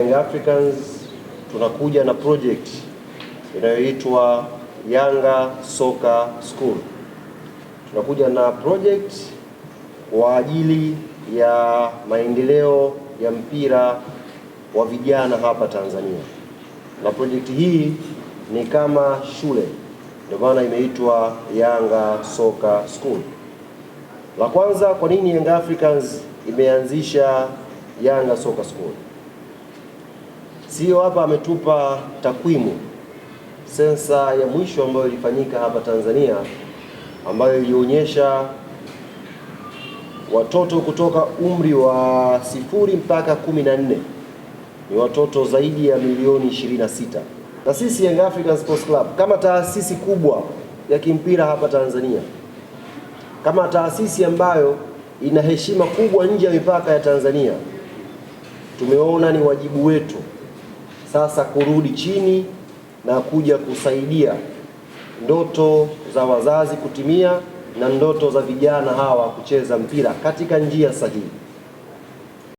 Young Africans tunakuja na project inayoitwa Yanga Soccer School. Tunakuja na project kwa ajili ya maendeleo ya mpira wa vijana hapa Tanzania, na project hii ni kama shule, ndio maana imeitwa Yanga Soccer School. La kwanza, kwa nini Young Africans imeanzisha Yanga Soccer School? CEO hapa ametupa takwimu sensa ya mwisho ambayo ilifanyika hapa Tanzania ambayo ilionyesha watoto kutoka umri wa sifuri mpaka kumi na nne ni watoto zaidi ya milioni 26. Na sisi Young African Sports Club kama taasisi kubwa ya kimpira hapa Tanzania, kama taasisi ambayo ina heshima kubwa nje ya mipaka ya Tanzania, tumeona ni wajibu wetu sasa kurudi chini na kuja kusaidia ndoto za wazazi kutimia na ndoto za vijana hawa kucheza mpira katika njia sahihi.